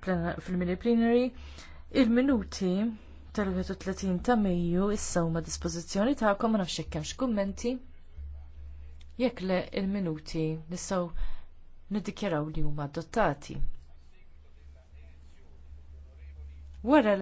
fil-mini plenary, il-minuti tal-31 ta' Mejju issa huma dispożizzjoni tagħkom ma nafx hekk hemmx kummenti. Jekk le il-minuti nistgħu niddikjaraw li huma adottati. Wara